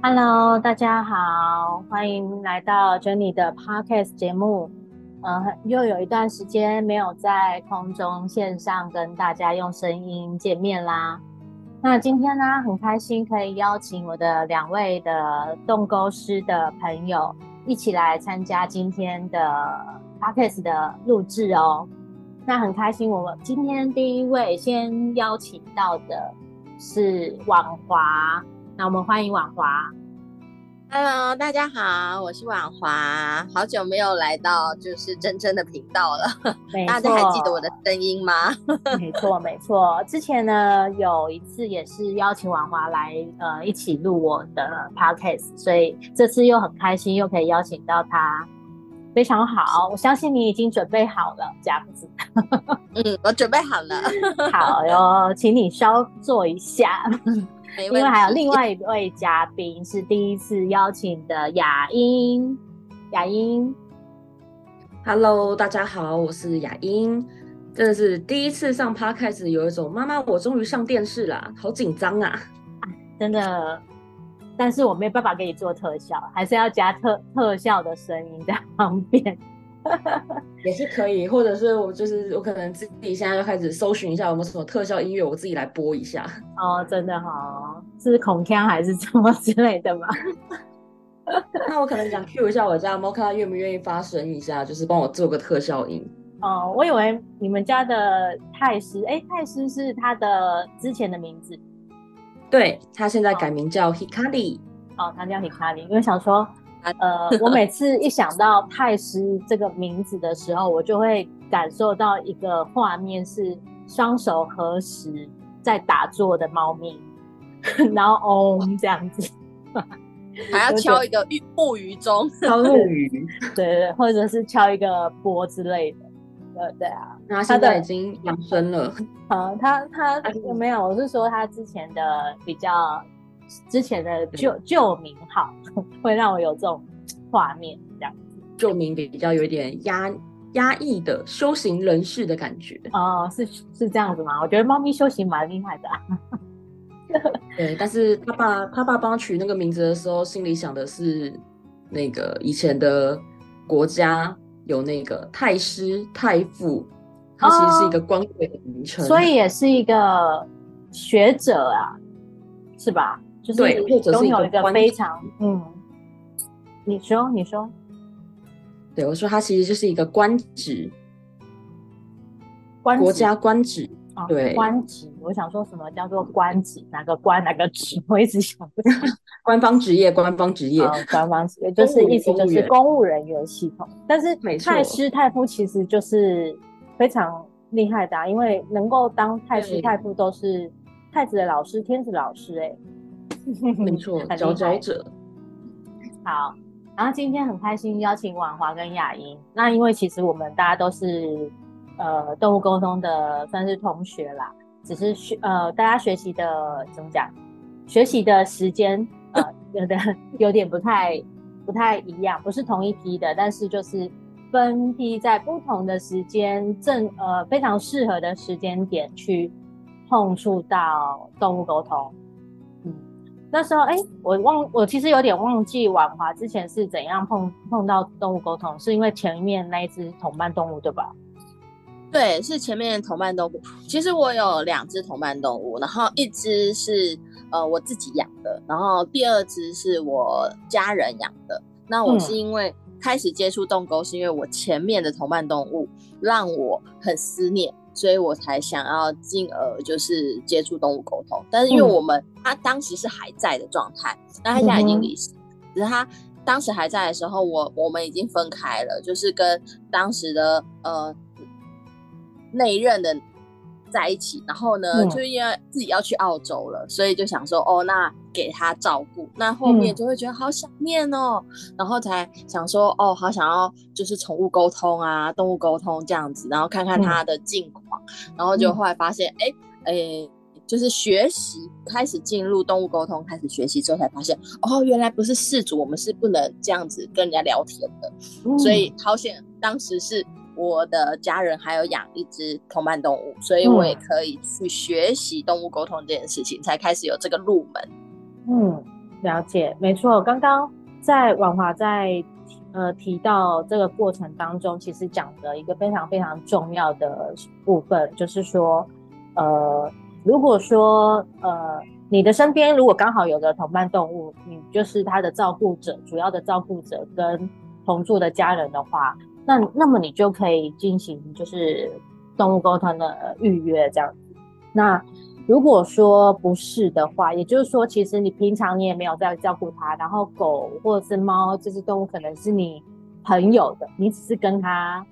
Hello，大家好，歡迎來到 Jenny 的 Podcast 節目。嗯、呃，又有一段時間沒有在空中線上跟大家用聲音見面啦。那今天呢，很開心可以邀請我的兩位的動溝師的朋友一起來參加今天的 Podcast 的錄製哦。那很開心，我們今天第一位先邀請到的是宛樺。那我們歡迎宛樺。Hello，大家好，我是宛樺，好久沒有來到就是 Jenny 的頻道了。 大家還記得我的聲音嗎？ 沒錯，沒錯。之前呢，有一次也是邀請宛樺來呃一起錄我的 podcast，所以這次又很開心又可以邀請到她，非常好。我相信你已經準備好了，這樣子。 嗯，我準備好了。 好喲，請你稍坐一下。 另外，還有另外一位嘉賓是第一次邀請的雅纓，雅纓，Hello，大家好，我是雅纓，真的是第一次上 Podcast，有一種媽媽我終於上電視了啊，好緊張啊，哎，真的，但是我沒有辦法給你做特效，還是要加特特效的聲音在旁邊。 也是可以，或者是我就是我可能自己現在就開始搜尋一下有沒有什麼特效音樂，我自己來播一下。哦，真的好，是孔腔還是什麼之類的嗎？ 那我可能想 cue 一下我家貓，看他願不願意發聲一下，就是幫我做個特效音。哦。我以為你們家的泰師哎、欸，泰師是他的之前的名字，對他現在改名叫 Hikari。哦，哦他叫 Hikari， 因為想說。 呃，我每次一想到太師這個名字的時候，我就會感受到一個畫面是雙手合十在打坐的貓咪， 然後嗡、 哦、這樣子， 還要敲一個木魚鐘，木魚，對對，或者是敲一個缽之類的，對對啊。那他現在已經養生了，啊， 他他 有沒有，我是說他之前的比較。之前的舊舊名號會讓我有這種畫面，這樣舊名比較有點壓壓抑的修行人士的感覺。哦，是是這樣子嗎？我覺得貓咪修行蠻厲害的、啊。 對，但是他爸他爸幫他取那個名字的時候，心裡想的是那個以前的國家有那個太師太傅，他其實是一個官位的名稱、哦，所以也是一個學者啊，是吧？就是，對是都有一個非常嗯，你說你說，對我說他其實就是一個官職，官職國家官職啊、哦，對官職。我想說什麼叫做官職？哪個官哪個職？我一直想不到， 官方職業，官方職業，哦、官方職業就是意思就是公務人員系統。但是太師太傅其實就是非常厲害的、啊，因為能夠當太師太傅都是太子的老師，天子老師、欸。哎。沒錯，佼 佼者。好，然後今天很開心邀請宛樺跟雅纓。那因為其實我們大家都是呃動物溝通的，算是同學啦。只是學呃大家學習的怎麼講，學習的時間呃有的有點不太 不太一樣，不是同一批的，但是就是分批在不同的時間正呃非常適合的時間點去碰觸到動物溝通。那時候，哎、欸，我忘，我其實有點忘記宛樺之前是怎樣碰碰到動物溝通，是因為前面那一只同伴動物，對吧？對，是前面的同伴動物。其實我有兩只同伴動物，然後一只是呃我自己養的，然後第二只是我家人養的。那我是因為開始接觸動物溝通，是因為我前面的同伴動物讓我很思念。所以我才想要進而就是接觸動物溝通，但是因為我們、嗯、他當時是還在的狀態，那他現在已經離世，嗯，只是他當時還在的時候，我我們已經分開了，就是跟當時的呃那一任的。在一起，然後呢、嗯，就因為自己要去澳洲了，所以就想說，哦，那給他照顧。那後面就會覺得好想念哦、嗯，然後才想說，哦，好想要就是寵物溝通啊，動物溝通這樣子，然後看看他的近況、嗯，然後就後來發現，哎、嗯、誒、欸欸，就是學習開始進入動物溝通，開始學習之後才發現，哦，原來不是飼主，我們是不能這樣子跟人家聊天的，嗯、所以好險當時是。我的家人還有養一隻同伴動物，所以我也可以去學習動物溝通這件事情，嗯，才開始有這個入門。嗯，了解，沒錯。剛剛在宛樺在呃提到這個過程當中，其實講的一個非常非常重要的部分，就是說，呃，如果說呃你的身邊如果剛好有個同伴動物，你就是他的照顧者，主要的照顧者跟同住的家人的話。那那麼你就可以進行就是動物溝通的預約這樣子。那如果說不是的話，也就是說，其實你平常你也沒有在照顧它，然後狗或者是貓這隻動物可能是你朋友的，你只是跟他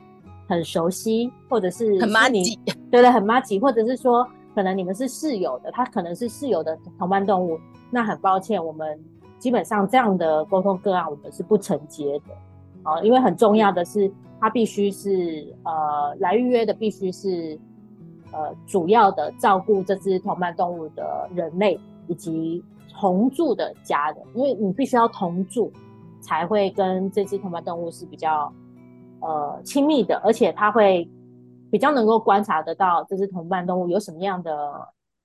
很熟悉，或者是，是你對的很麻吉，或者是說可能你們是室友的，它可能是室友的同伴動物。那很抱歉，我們基本上這樣的溝通個案我們是不承接的啊，因為很重要的是。他必須是呃來預約的必，必須是呃主要的照顧這隻同伴動物的人類以及同住的家人，因為你必須要同住才會跟這隻同伴動物是比較呃親密的，而且他會比較能夠觀察得到這隻同伴動物有什麼樣的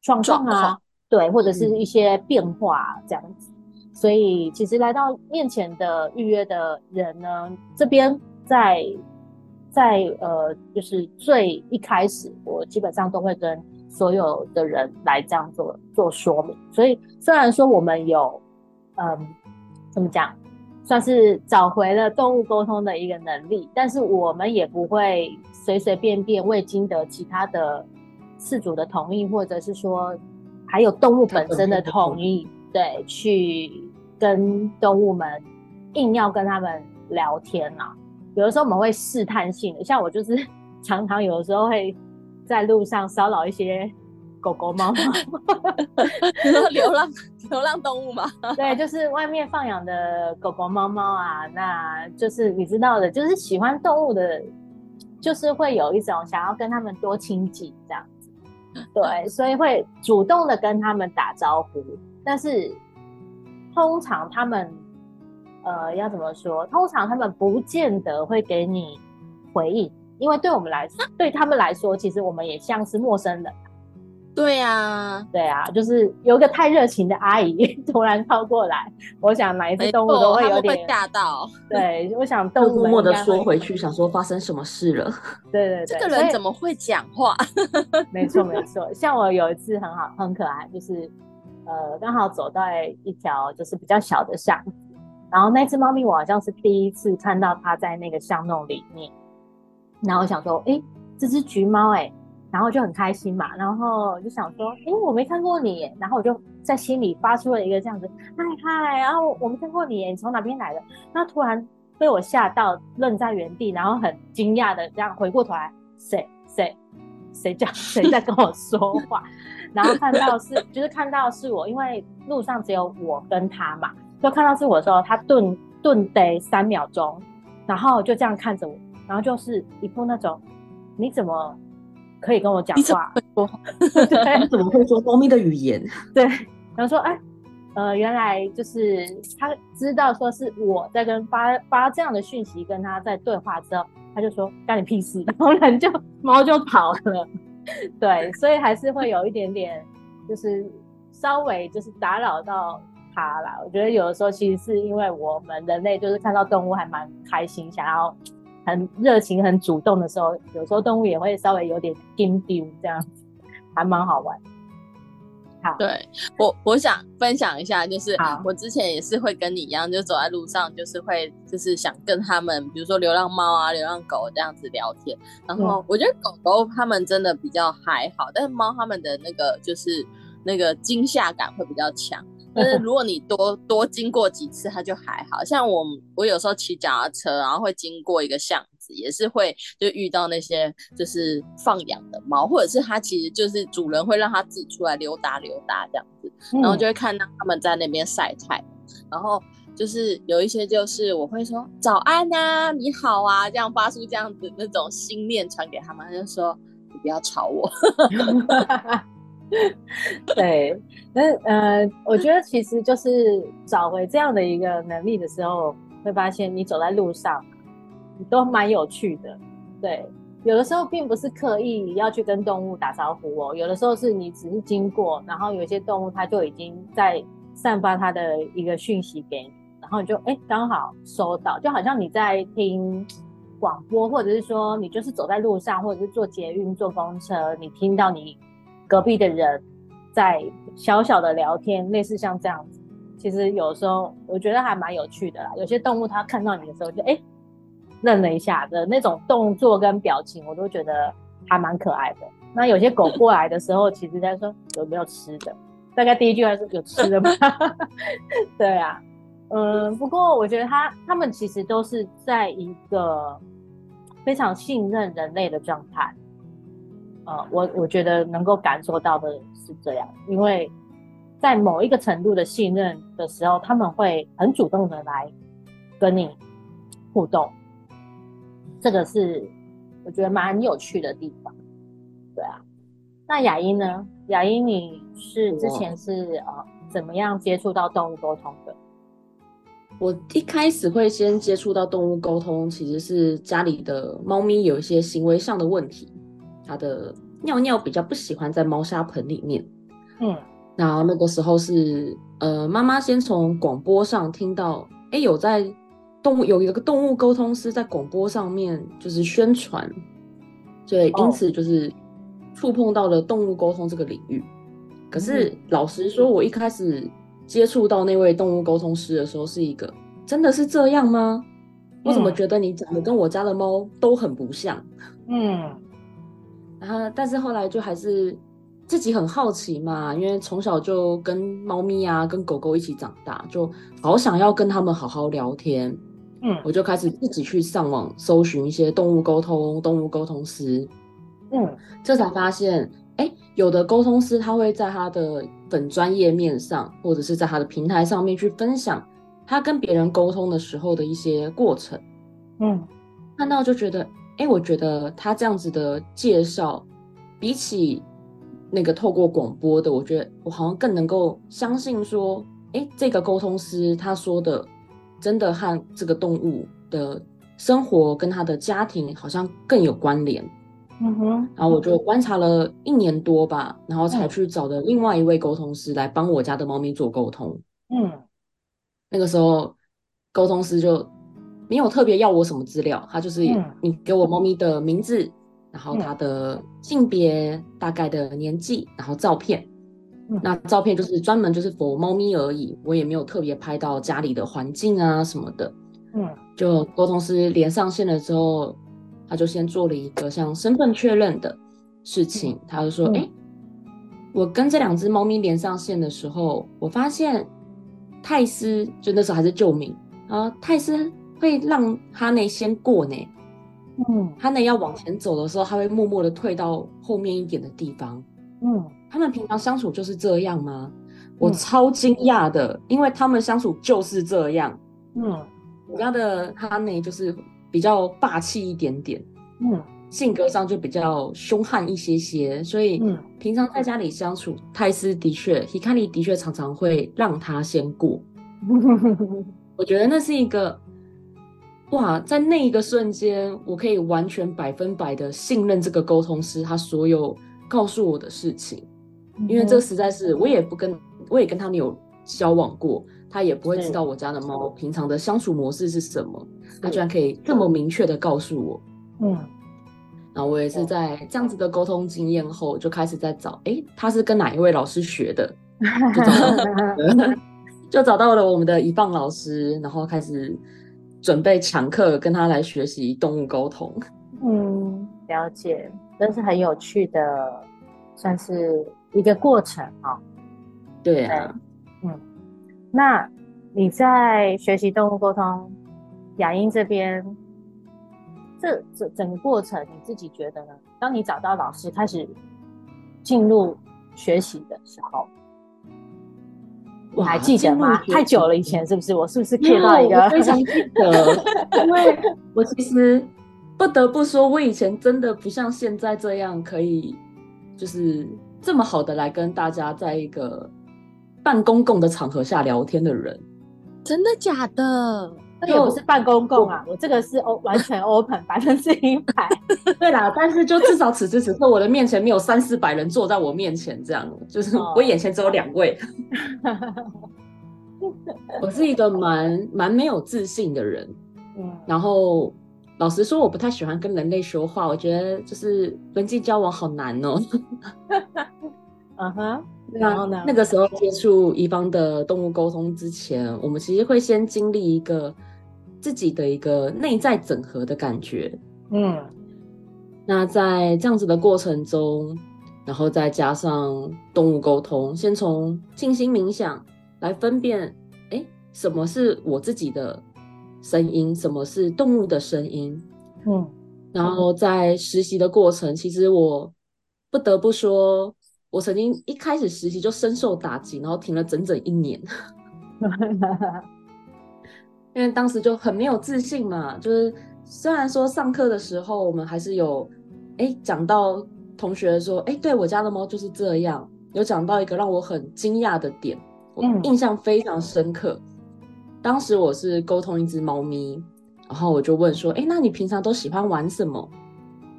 狀況啊，對，或者是一些變化這樣子。嗯、所以其實來到面前的預約的人呢，這邊。在在呃、就是最一開始，我基本上都會跟所有的人來這樣做做說明。所以雖然說我們有，嗯，怎麼講，算是找回了動物溝通的一個能力，但是我們也不會隨隨便便未經得其他的事主的同意，或者是說還有動物本身的同意，對，去跟動物們硬要跟他們聊天呢，啊。有的時候我們會試探性的，像我就是常常有的時候會在路上騷擾一些狗狗貓貓、貓貓，流浪流浪動物嘛，對，就是外面放養的狗狗、貓貓啊，那就是你知道的，就是喜歡動物的，就是會有一種想要跟他們多親近這樣子，對， 所以會主動的跟他們打招呼，但是通常他們，呃，要怎麼說？通常他們不見得會給你回應，因為對我們來說，啊、對他們來說，其實我們也像是陌生人。對呀、啊，對啊，就是有一個太熱情的阿姨突然靠過來，我想哪一隻動物都會有點會嚇到。對，我想動物默默的說回去，想說發生什麼事了。對對對，這個人怎麼會講話？ 沒錯沒錯，像我有一次很好很可愛，就是呃，剛好走在一條就是比較小的巷。然後那隻貓咪，我好像是第一次看到它在那個巷弄裡面。然後我想說，哎、欸，這隻橘貓、欸，哎，然後就很開心嘛。然後我就想說，哎、欸，我沒看過你。然後我就在心裡發出了一個這樣子，嗨嗨。然後啊，我沒看過你，你從哪邊來的？那突然被我嚇到，愣在原地，然後很驚訝的這樣回過頭來，誰誰誰叫誰在跟我說話？ 然後看到是，就是看到是我，因為路上只有我跟他嘛。就看到是我的時候，他頓頓得三秒鐘，然後就這樣看着我，然後就是一副那種，你怎麼可以跟我講話？你這麼說， 對，你怎麼會說貓咪的語言？對，然後說哎，呃，原來就是他知道說是我在跟發發這樣的訊息，跟他在對話之後，他就說關你屁事，然後人就貓就跑了。對，所以還是會有一點點，就是稍微就是打擾到，他啦，我覺得有的時候其實是因為我們人類就是看到動物還蠻開心，想要很熱情、很主動的時候，有時候動物也會稍微有點驚驚這樣子，還蠻好玩。好，對，我我想分享一下，就是、嗯、我之前也是會跟你一樣，就走在路上，就是會就是想跟他們，比如說流浪貓啊、流浪狗這樣子聊天。然後我覺得狗狗他們真的比較還好，但是貓他們的那個就是那個驚嚇感會比較強。 但是如果你多多經過幾次，它就還好。像我，我有時候騎腳踏車，然後會經過一個巷子，也是會就遇到那些就是放養的貓，或者是它其實就是主人會讓它自己出來溜達溜達這樣子，然後就會看到他們在那邊曬太陽，然後就是有一些就是我會說早安吶、啊，你好啊，這樣發出這樣子那種心念傳給他們，他就說你不要吵我。 對，那呃，我覺得其實就是找回這樣的一個能力的時候，會發現你走在路上，都蠻有趣的。對，有的時候並不是刻意要去跟動物打招呼哦，有的時候是你只是經過，然後有些動物它就已經在散發它的一個訊息給你，然後你就誒，剛好收到，就好像你在聽廣播，或者是說你就是走在路上，或者是坐捷運、坐公車，你聽到你。隔壁的人在小小的聊天，類似像這樣子，其實有時候我覺得還蠻有趣的啦。有些動物它看到你的時候就哎、欸、愣了一下的那種動作跟表情，我都覺得還蠻可愛的。那有些狗過來的時候，其實在說有沒有吃的， 大概第一句話是“有吃的嗎？” 對啊，嗯， 不過我覺得它它們其實都是在一個非常信任人類的狀態。呃，我我覺得能夠感受到的是這樣，因為，在某一個程度的信任的時候，他們會很主動的來跟你互動，這個是我覺得蠻有趣的地方。對啊，那雅纓呢？雅纓你是之前是、呃、怎麼樣接觸到動物溝通的？我一開始會先接觸到動物溝通，其實是家裡的貓咪有一些行為上的問題。他的尿尿比較不喜歡在貓砂盆裡面，嗯，然後那個時候是呃，媽媽先從廣播上聽到，誒，有在動物有一個動物溝通師在廣播上面就是宣傳，對，因此就是觸碰到了動物溝通這個領域。嗯、可是老實說，我一開始接觸到那位動物溝通師的時候，是一個真的是這樣嗎？嗯？我怎麼覺得你長得跟我家的貓都很不像？嗯。嗯然後，但是後來就還是自己很好奇嘛，因為從小就跟貓咪啊、跟狗狗一起長大，就好想要跟他們好好聊天。嗯，我就開始自己去上網搜尋一些動物溝通、動物溝通師。嗯，這才發現，欸，有的溝通師他會在他的粉專頁面上，或者是在他的平台上面去分享他跟別人溝通的時候的一些過程。嗯，看到就覺得。哎、欸，我覺得他這樣子的介紹，比起那個透過廣播的，我覺得我好像更能夠相信說，哎、欸，這個溝通師他說的，真的和這個動物的生活跟他的家庭好像更有關聯。嗯哼，然後我就觀察了一年多吧，然後才去找的另外一位溝通師來幫我家的貓咪做溝通。嗯、uh-huh，那個時候溝通師就。沒有特別要我什麼資料，他就是你給我貓咪的名字，嗯、然後它的性別、大概的年紀，然後照片。嗯、那照片就是專門就是 for 貓咪而已，我也沒有特別拍到家裡的環境啊什麼的。嗯，就溝通師連上線了之後，他就先做了一個像身份確認的事情。他就說：“哎、嗯欸，我跟這兩隻貓咪連上線的時候，我發現泰斯就那時候還是救命啊，泰斯。”會讓哈內先過呢，嗯，哈內要往前走的時候，他會默默的退到後面一點的地方，嗯，他們平常相處就是這樣嗎？嗯，我超驚訝的，因為他們相處就是這樣，嗯，我家的哈內就是比較霸氣一點點，嗯，性格上就比較兇悍一些些，所以平常在家裡相處，泰斯的確 Hikari 的確常常會讓他先過，嗯，我覺得那是一個。哇，在那一個瞬間，我可以完全百分百的信任這個溝通師，他所有告訴我的事情，因為這實在是我也不跟，我也跟他們有交往過，他也不會知道我家的貓平常的相處模式是什麼，他居然可以這麼明確的告訴我。嗯，然後我也是在這樣子的溝通經驗後，就開始在找，哎、欸，他是跟哪一位老師學的？就知道， 就找到了我們的一棒老師，然後開始。準備搶課跟他來學習動物溝通，嗯，了解，這是很有趣的，算是一個過程、哦、啊。對嗯，那你在學習動物溝通，雅纓這邊，這整整個過程你自己覺得呢？當你找到老師開始進入學習的時候。我還記得嗎？太久了，以前是不是？我是不是看到一個？No, 非常記得， 因為我其實不得不說，我以前真的不像現在這樣可以，就是這麼好的來跟大家在一個半公共的場合下聊天的人。真的假的？因為我是半公共啊我，我這個是完全 open 百分之一百。對啦， 但是就至少此時此刻我的面前沒有三四百人坐在我面前，這樣就是我眼前只有兩位。Oh. 我是一個蠻蠻、 okay. 沒有自信的人，嗯、oh.，然後老實說我不太喜歡跟人類說話，我覺得就是人際交往好難哦、喔。啊 哈、uh、-huh. 然後呢？那個時候接觸一方的動物溝通之前，okay. 我們其實會先經歷一個。自己的一個內在整合的感覺，嗯，那在這樣子的過程中，然後再加上動物溝通，先從靜心冥想來分辨，哎、欸，什麼是我自己的聲音，什麼是動物的聲音，嗯，然後在實習的過程，其實我不得不說，我曾經一開始實習就深受打擊，然後停了整整一年。 因為當時就很沒有自信嘛，就是雖然說上課的時候我們還是有，哎，講到同學說，哎，對我家的貓就是這樣。有講到一個讓我很驚訝的點，我印象非常深刻。當時我是溝通一隻貓咪，然後我就問說，哎，那你平常都喜歡玩什麼？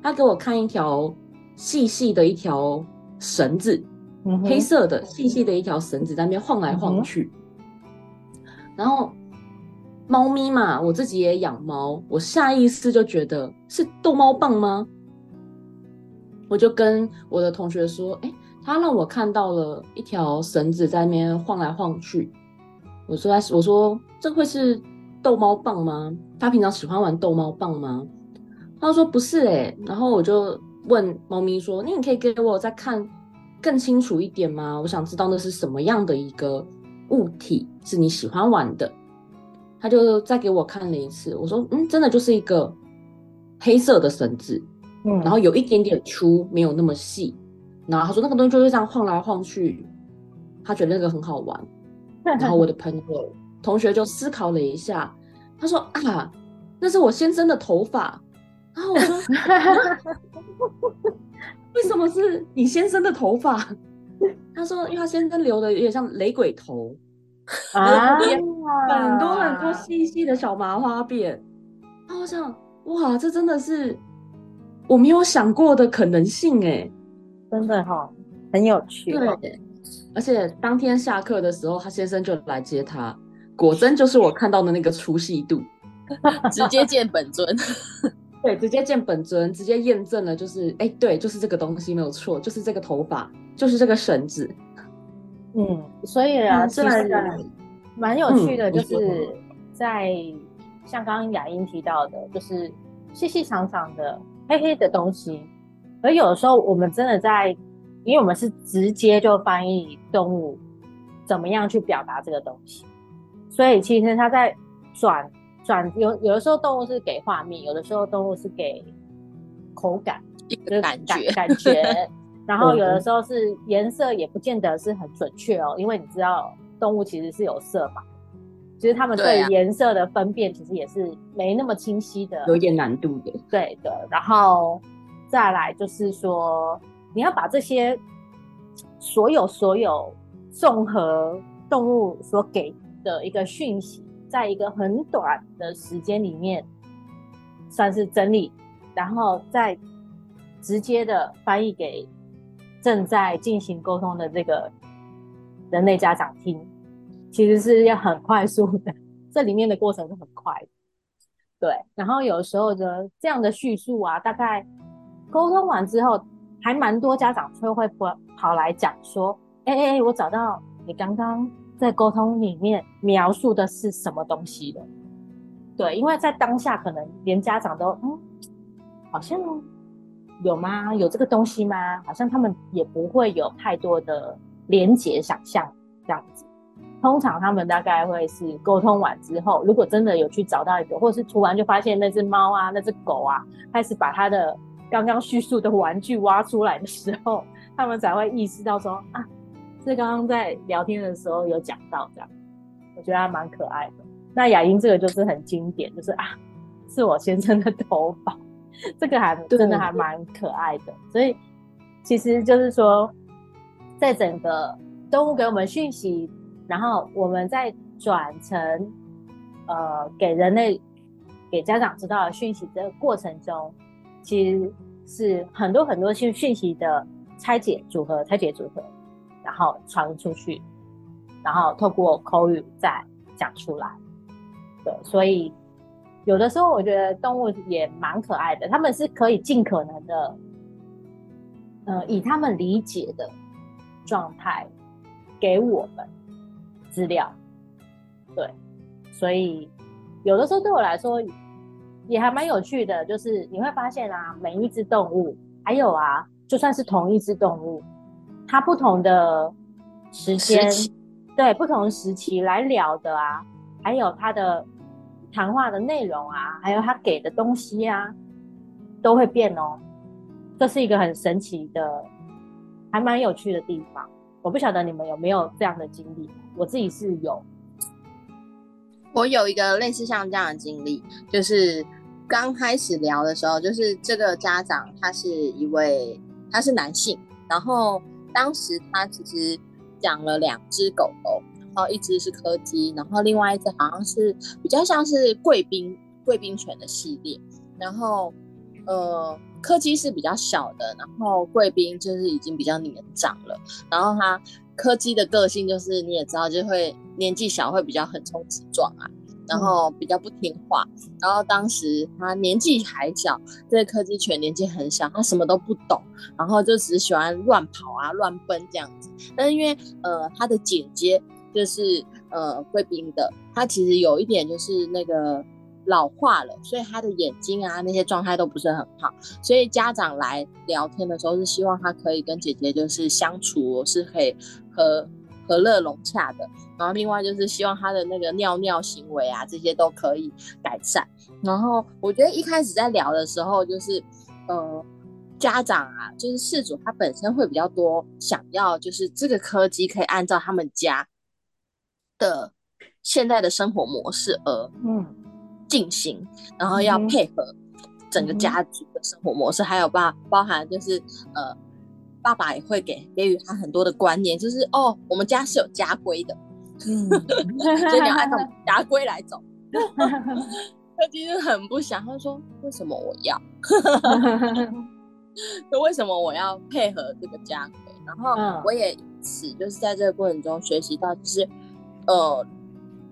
他給我看一條細細的一條繩子，嗯、黑色的細細的一條繩子在那邊晃來晃去，嗯、然後。貓咪嘛，我自己也養貓，我下意識就覺得是逗貓棒嗎？我就跟我的同學說：“誒、欸，他讓我看到了一條繩子在那邊晃來晃去。”我說：“我說這會是逗貓棒嗎？他平常喜歡玩逗貓棒嗎？”他說：“不是誒、欸。”然後我就問貓咪說：“那你，你可以給我再看更清楚一點嗎？我想知道那是什麼樣的一個物體是你喜歡玩的。”他就再給我看了一次，我說，嗯，真的就是一個黑色的繩子，嗯，然後有一點點粗，沒有那麼細。然後他說那個東西就是這樣晃來晃去，他覺得那個很好玩。然後我的朋友 同學就思考了一下，他說啊，那是我先生的頭髮。然後我說， 為什麼是你先生的頭髮？他說，因為他先生留的有點像雷鬼頭。 啊！ 很多很多細細的小麻花辮，好像哇，這真的是我沒有想過的可能性哎、欸，真的哈，很有趣。對，而且當天下課的時候，他先生就來接他，果真就是我看到的那個粗細度， 直接見本尊。 對，直接見本尊，直接驗證了，就是哎、欸，對，就是這個東西沒有錯，就是這個頭髮，就是這個繩子。嗯，所以啊，是、嗯、蠻、啊嗯、有趣的，就是在像剛剛雅纓提到的，就是細細長長的、黑黑的東西。而有的時候，我們真的在，因為我們是直接就翻譯動物怎麼樣去表達這個東西。所以，其實他在轉轉，有有的時候動物是給畫面，有的時候動物是給口感，感覺就感覺。 然後有的時候是顏色，也不見得是很準確哦，因為你知道動物其實是有色嘛，其實他們對顏色的分辨其實也是沒那麼清晰的，有一點難度的。對的，然後再來就是說，你要把這些所有所有綜合動物所給的一個訊息，在一個很短的時間裡面算是整理，然後再直接的翻譯給。正在進行溝通的這個人類家長聽，其實是要很快速的，這裡面的過程是很快的，對。然後有時候的這樣的敘述啊，大概溝通完之後，還蠻多家長就會會跑跑來講說，哎、欸、哎、欸欸，我找到你剛剛在溝通裡面描述的是什麼東西的。對，因為在當下可能連家長都嗯，好像嗎？有嗎？有這個東西嗎？好像他們也不會有太多的連結想象這樣子。通常他們大概會是溝通完之後，如果真的有去找到一個，或者是突然就發現那隻貓啊、那隻狗啊，開始把它的剛剛敘述的玩具挖出來的時候，他們才會意識到說啊，是剛剛在聊天的時候有講到這樣。我覺得還蠻可愛的。那雅纓這個就是很經典，就是啊，是我先生的頭髮。 這個還真的還蠻可愛的，所以其實就是說，在整個動物給我們訊息，然後我們再轉成呃給人類、給家長知道的訊息這個過程中，其實是很多很多訊訊息的拆解、組合、拆解、組合，然後傳出去，然後透過口語再講出來的，對，所以。有的時候，我覺得動物也蠻可愛的，他們是可以儘可能的，呃，以他們理解的狀態給我們資料。對，所以有的時候對我來說也還蠻有趣的，就是你會發現啊，每一隻動物，還有啊，就算是同一隻動物，它不同的時間，對不同時期來聊的啊，還有它的。談話的內容啊，還有他給的東西啊，都會變哦。這是一個很神奇的，還蠻有趣的地方。我不曉得你們有沒有這樣的經歷？我自己是有。我有一個類似像這樣的經歷，就是剛開始聊的時候，就是這個家長他是一位，他是男性，然後當時他其實養了兩隻狗狗。然後一隻是柯基，然後另外一隻好像是比較像是貴賓貴賓犬的系列。然後，呃，柯基是比較小的，然後貴賓就是已經比較年長了。然後它柯基的個性就是你也知道，就會年紀小會比較橫衝直撞啊，然後比較不聽話。嗯、然後當時它年紀還小，這個柯基犬年紀很小，它什麼都不懂，然後就只喜歡亂跑啊、亂奔這樣子。但是因為呃，它的姐姐。就是呃貴賓的，他其實有一點就是那個老化了，所以他的眼睛啊那些狀態都不是很好。所以家長來聊天的時候，是希望他可以跟姐姐就是相處是可以和和樂融洽的。然後另外就是希望他的那個尿尿行為啊這些都可以改善。然後我覺得一開始在聊的時候，就是呃家長啊就是事主他本身會比較多想要就是這個柯基可以按照他們家，的現在的生活模式而，嗯進行，嗯，然後要配合整個家族的生活模式，嗯、還有爸包含就是呃爸爸也會給給予他很多的觀念，就是哦我們家是有家規的，嗯、 所以你要按照家規來走。 他其實很不想，他說，為什麼我要？那 為什麼我要配合這個家規？然後我也因此就是在這個過程中學習到就是。呃，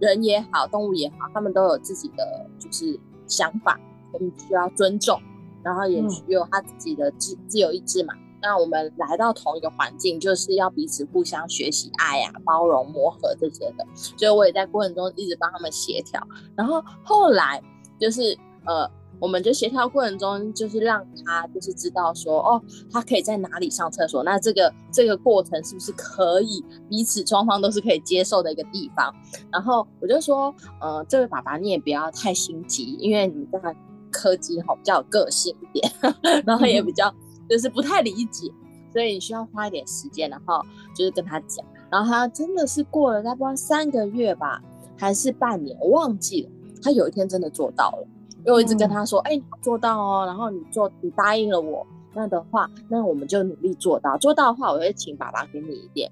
人也好，動物也好，他們都有自己的就是想法，我們需要尊重，然後也需要他自己的自、嗯、自由意志嘛。那我們來到同一個環境，就是要彼此互相學習、愛啊、包容、磨合這些的。所以我也在過程中一直幫他們協調。然後後來就是呃。我們就協調過程中，就是讓他就是知道說，哦，他可以在哪裡上廁所。那這個這個過程是不是可以彼此雙方都是可以接受的一個地方？然後我就說，呃，這位爸爸你也不要太心急，因為你家柯基吼比較有個性一點，嗯、 然後也比較就是不太理解，所以你需要花一點時間，然後就是跟他講。然後他真的是過了差不多三個月吧，還是半年，我忘記了。他有一天真的做到了。因為我一直跟他說：“哎、嗯欸，你做到哦，然後你做，你答應了我，那的話，那我們就努力做到。做到的話，我會請爸爸給你一點，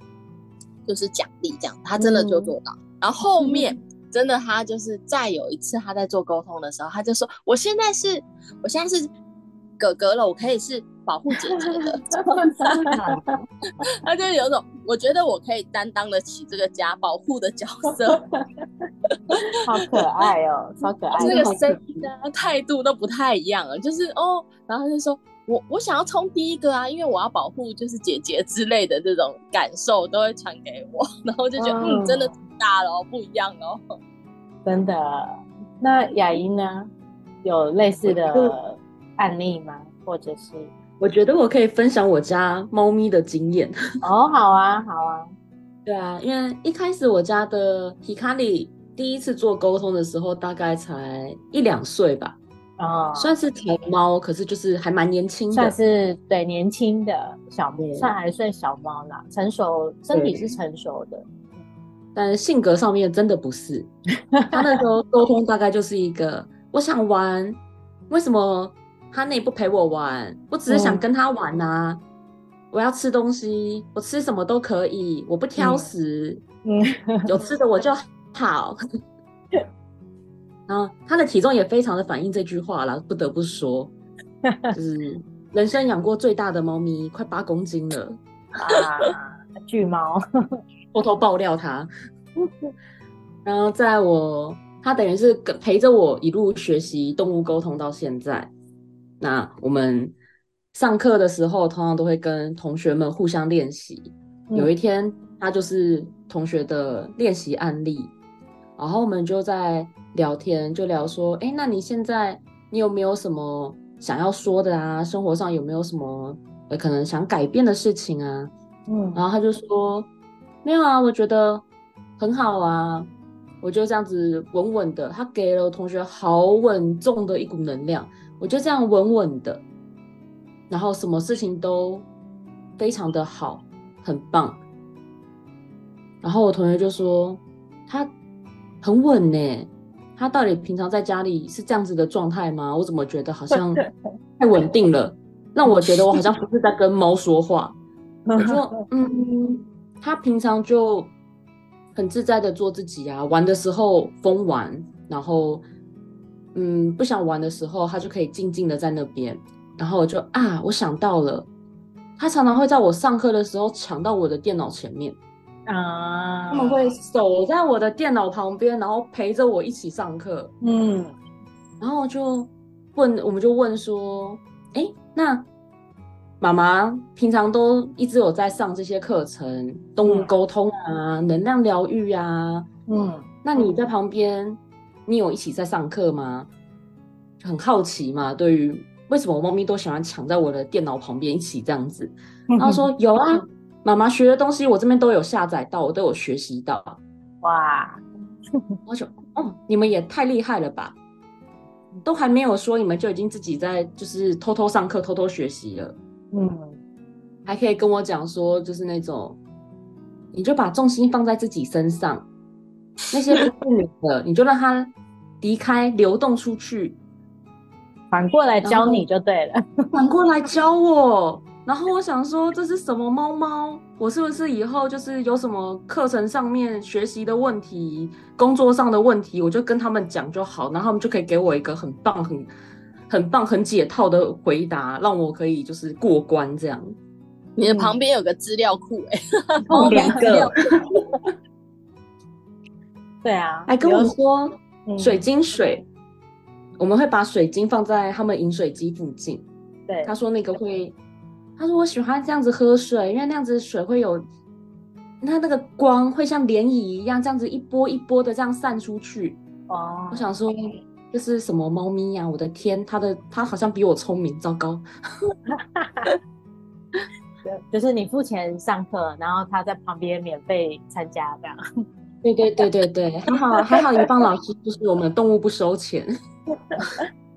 就是獎勵這樣。”他真的就做到，嗯。然後後面真的他就是再有一次他在做溝通的時候、嗯，他就說：“我現在是，我現在是哥哥了，我可以是保護姐姐的。 ” 他就有種。我覺得我可以擔當得起這個家保護的角色 好可愛哦，超可愛！這 個聲音呢、啊，態 度都不太一樣了、啊，就是哦，然後他就說我我想要衝第一個啊，因為我要保護，就是姐姐之類的這種感受都會傳給我，然後就覺得嗯，嗯，真的大哦不一樣哦。」真的。那雅纓呢，有類似的案例嗎？ 或者是？我覺得我可以分享我家貓咪的經驗哦，好啊，好啊， 對啊，因為一開始我家的皮卡里第一次做溝通的時候，大概才一兩歲吧，哦，算是小貓、嗯，可是就是還蠻年輕的，算是對年輕的小貓，算還算小貓呢，成熟身體是成熟的， 但性格上面真的不是，他那時候溝通大概就是一個 我想玩，為什麼？他那也不陪我玩，我只是想跟他玩吶、啊嗯。我要吃東西，我吃什麼都可以，我不挑食，嗯、有吃的我就好。 然後他的體重也非常的反映這句話啦，不得不說，就是人生養過最大的貓咪，快八公斤了啊！巨貓， 偷偷爆料他。然後在我，他等於是陪着我一路學習動物溝通到現在。那我們上課的時候，通常都會跟同學們互相練習，嗯。有一天，他就是同學的練習案例，然後我們就在聊天，就聊說：“哎、欸，那你現在你有沒有什麼想要說的啊？生活上有沒有什麼可能想改變的事情啊？”嗯，然後他就說：“沒有啊，我覺得很好啊，我就這樣子穩穩的。”他給了同學好穩重的一股能量。我就這樣穩穩的，然後什麼事情都非常的好，很棒。然後我同學就說他很穩呢，他到底平常在家裡是這樣子的狀態嗎？我怎麼覺得好像太穩定了，對對對，讓我覺得我好像不是在跟貓說話。我 說，嗯，他平常就很自在的做自己啊，玩的時候瘋玩，然後。嗯，不想玩的時候，他就可以靜靜的在那邊。然後我就啊，我想到了，他常常會在我上課的時候搶到我的電腦前面啊，他們會守在我的電腦旁邊，然後陪着我一起上課。嗯，然後就問，我們就問說，哎，欸，那媽媽平常都一直有在上這些課程，動物溝通啊，嗯，能量療癒啊，嗯，嗯，那你在旁邊？你有一起在上課嗎？很好奇嘛，對於為什麼我貓咪都喜歡搶在我的電腦旁邊一起這樣子？然後說、嗯、有啊，媽媽學的東西我這邊都有下載到，我都有學習到。哇， 我說哦，你們也太厲害了吧！都還沒有說，你們就已經自己在就是偷偷上課、偷偷學習了。嗯，還可以跟我講說，就是那種你就把重心放在自己身上。那些不，不明的， 你就讓他離開，流動出去，反過來教你就對了。反過來教我，然後我想說這是什麼貓貓？我是不是以後就是有什麼課程上面學習的問題、工作上的問題，我就跟他們講就好，然後他們就可以給我一個很棒很、很很棒、很解套的回答，讓我可以就是過關這樣。你的旁邊有個資料庫、欸，哎、 欸， 旁邊有個。對啊，還跟我說，水晶水、嗯，我們會把水晶放在他們飲水機附近。對，他說那個會，他說我喜歡這樣子喝水，因為那樣子水會有，那那個光會像漣漪一樣，這樣子一波一波的這樣散出去。哦，我想說這是什麼貓咪呀？、啊？我的天，他的他好像比我聰明，糟糕。 就是你付錢上課，然後他在旁邊免費參加這樣。 對對對對對，很好還好，好好一幫老師就是我們動物不收錢，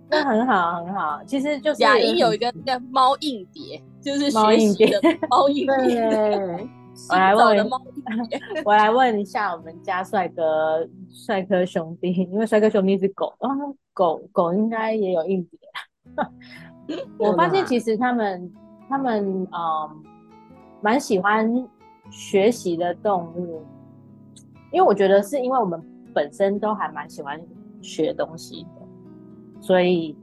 那 很好很好。其實，就是雅纓有一個叫貓硬碟，就是貓硬,硬碟，貓硬碟我來問貓 我來問一下我們家帥哥帥哥兄弟，因為帥哥兄弟是狗，然、哦、後狗狗應該也有硬碟、啊。 我發現其實他們 他們嗯，蠻喜歡學習的動物。因為我覺得是因為我們本身都還蠻喜歡學東西的，所以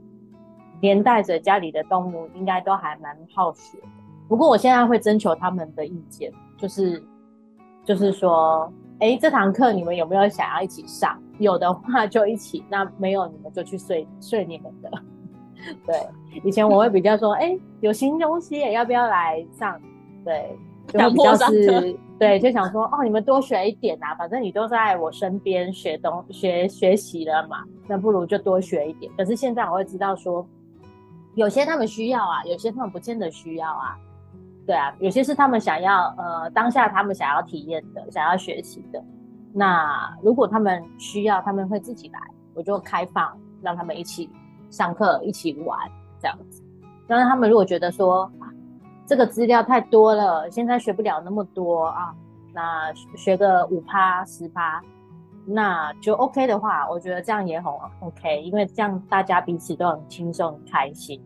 連帶着家裡的動物應該都還蠻好學的。不過我現在會徵求他們的意見，就是就是說，哎，這堂課你們有沒有想要一起上？有的話就一起，那沒有你們就去睡睡你們的。 對，以前我會比較說，哎， 有新東西，要不要來上？對。就是對，就想說哦，你們多學一點啊，反正你都在我身邊學東學學習了嘛，那不如就多學一點。可是現在我會知道說，有些他們需要啊，有些他們不見得需要啊，對啊，有些是他們想要呃當下他們想要體驗的，想要學習的。那如果他們需要，他們會自己來，我就開放讓他們一起上課、一起玩這樣子。但是，他們如果覺得說，這個資料太多了，現在學不了那麼多啊。那學個五趴十趴，那就 OK 的話，我覺得這樣也很 OK，因為這樣大家彼此都很輕鬆、很開心，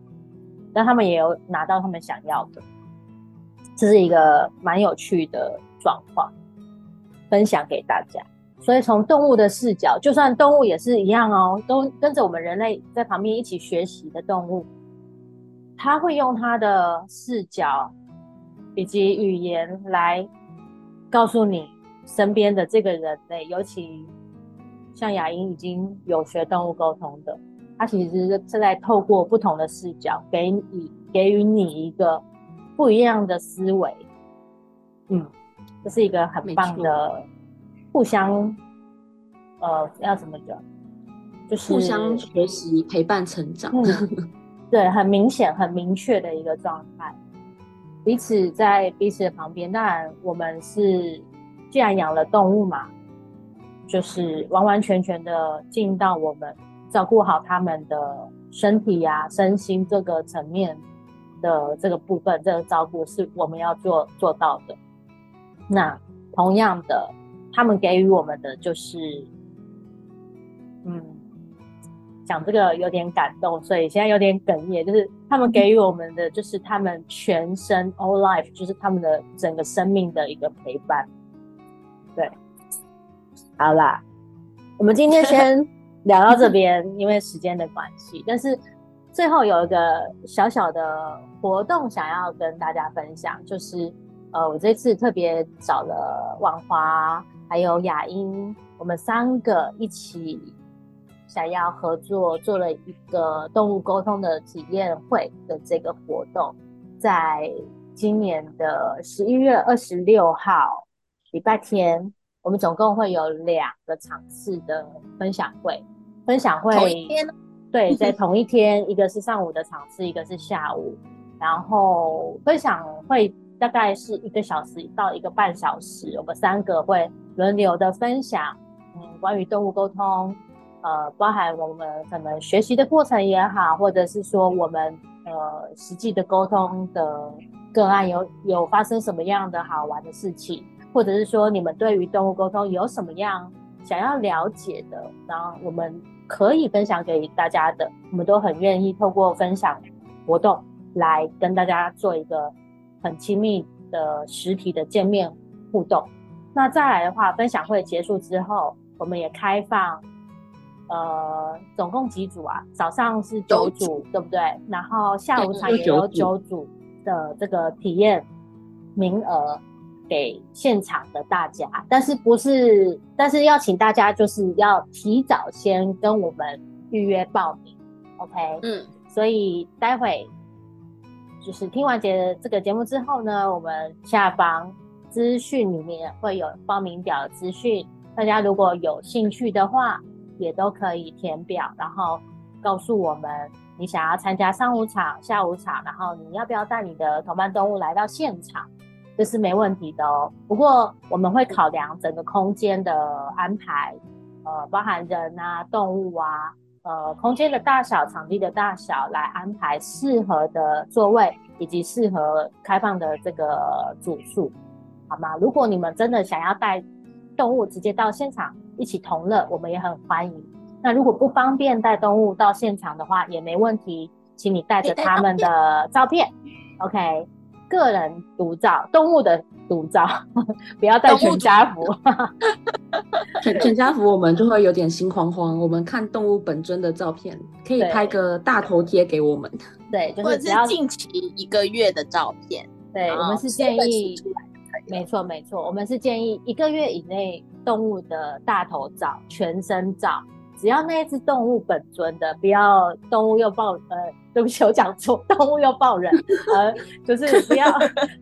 但他們也有拿到他們想要的，這是一個蠻有趣的狀況，分享給大家。所以從動物的視角，就算動物也是一樣哦，都跟着我們人類在旁邊一起學習的動物。他會用他的視角以及語言來告訴你身邊的這個人類，尤其像雅纓已經有學動物溝通的，他其實是在透過不同的視角給你給予你一個不一樣的思維。嗯，這是一個很棒的互相呃，要怎麼講？就是互相學習，陪伴成長。嗯對，很明顯、很明確的一個狀態，彼此在彼此的旁邊。當然，我們是既然養了動物嘛，就是完完全全的盡到我們照顧好他們的身體呀、啊、身心這個層面的這個部分，這個照顧是我們要做做到的。那同樣的，他們給予我們的就是，嗯。講這個有點感動，所以現在有點哽咽。就是他們給予我們的，就是他們全身 all life，就是他們的整個生命的一個陪伴。對，好啦，我們今天先聊到這邊， 因為時間的關係。但是最後有一個小小的活動想要跟大家分享，就是呃，我這次特別找了宛樺還有雅纓，我們三個一起。想要合作做了一個動物溝通的體驗會的這個活動，在今年的十一月二十六號禮拜天，我們總共會有兩個場次的分享會。分享會同一天啊？對，在同一天， 一個是上午的場次，一個是下午。然後分享會大概是一個小時到一個半小時，我們三個會輪流的分享，嗯，關於動物溝通。呃，包含我們可能學習的過程也好，或者是說我們呃實際的溝通的個案有有發生什麼樣的好玩的事情，或者是說你們對於動物溝通有什麼樣想要了解的，然後我們可以分享給大家的，我們都很願意透過分享活動來跟大家做一個很親密的實體的見面互動。那再來的話，分享會結束之後，我們也開放。呃，總共幾組啊？早上是九組，九組，對不對？然後下午場也有九組的這個體驗名額給現場的大家，但是不是？但是要請大家就是要提早先跟我們預約報名，OK？嗯，所以待會就是聽完節這個節目之後呢，我們下方資訊裡面會有報名表資訊，大家如果有興趣的話。也都可以填表，然後告訴我們你想要參加上午場、下午場，然後你要不要帶你的同伴動物來到現場，這，就是沒問題的哦。不過我們會考量整個空間的安排，呃，包含人啊、動物啊，呃，空間的大小、場地的大小來安排適合的座位以及適合開放的這個組數，好嗎？如果你們真的想要帶動物直接到現場。一起同樂，我們也很歡迎。那如果不方便帶動物到現場的話，也沒問題，請你帶着他們的照片。OK，個人獨照，動物的獨照，呵呵不要帶全家福。 全，全家福，我們就會有點心慌慌。我們看動物本尊的照片，可以拍個大頭貼給我們。對，就是，或者是近期一個月的照片。對，我們是建議，是是沒錯沒錯，我們是建議一個月以內。動物的大頭照、全身照，只要那一隻動物本尊的，不要動物又抱，呃，對不起，我講錯，動物又抱人， 呃，就是不要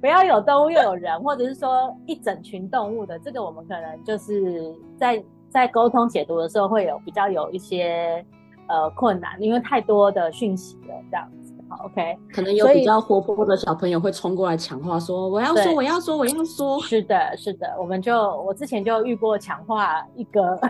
不要有動物又有人，或者是說一整群動物的，這個我們可能就是在在溝通解讀的時候會有比較有一些呃困難，因為太多的訊息了，這樣。OK，可能有比較活潑的小朋友會衝過來搶話說，說我要說，我要說，我要說，我要說。是的，是的，我們就我之前就遇過搶話一個。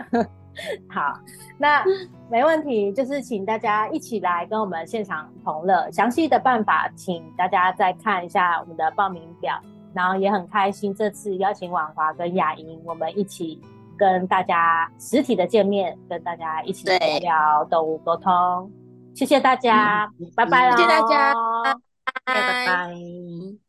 好，那沒問題， 就是請大家一起來跟我們現場同樂。詳細的辦法，請大家再看一下我們的報名表。然後也很開心，這次邀請宛樺跟雅纓，我們一起跟大家實體的見面，跟大家一起聊動物溝通。謝謝大家，嗯、拜拜喔！謝謝大家，拜拜。拜拜。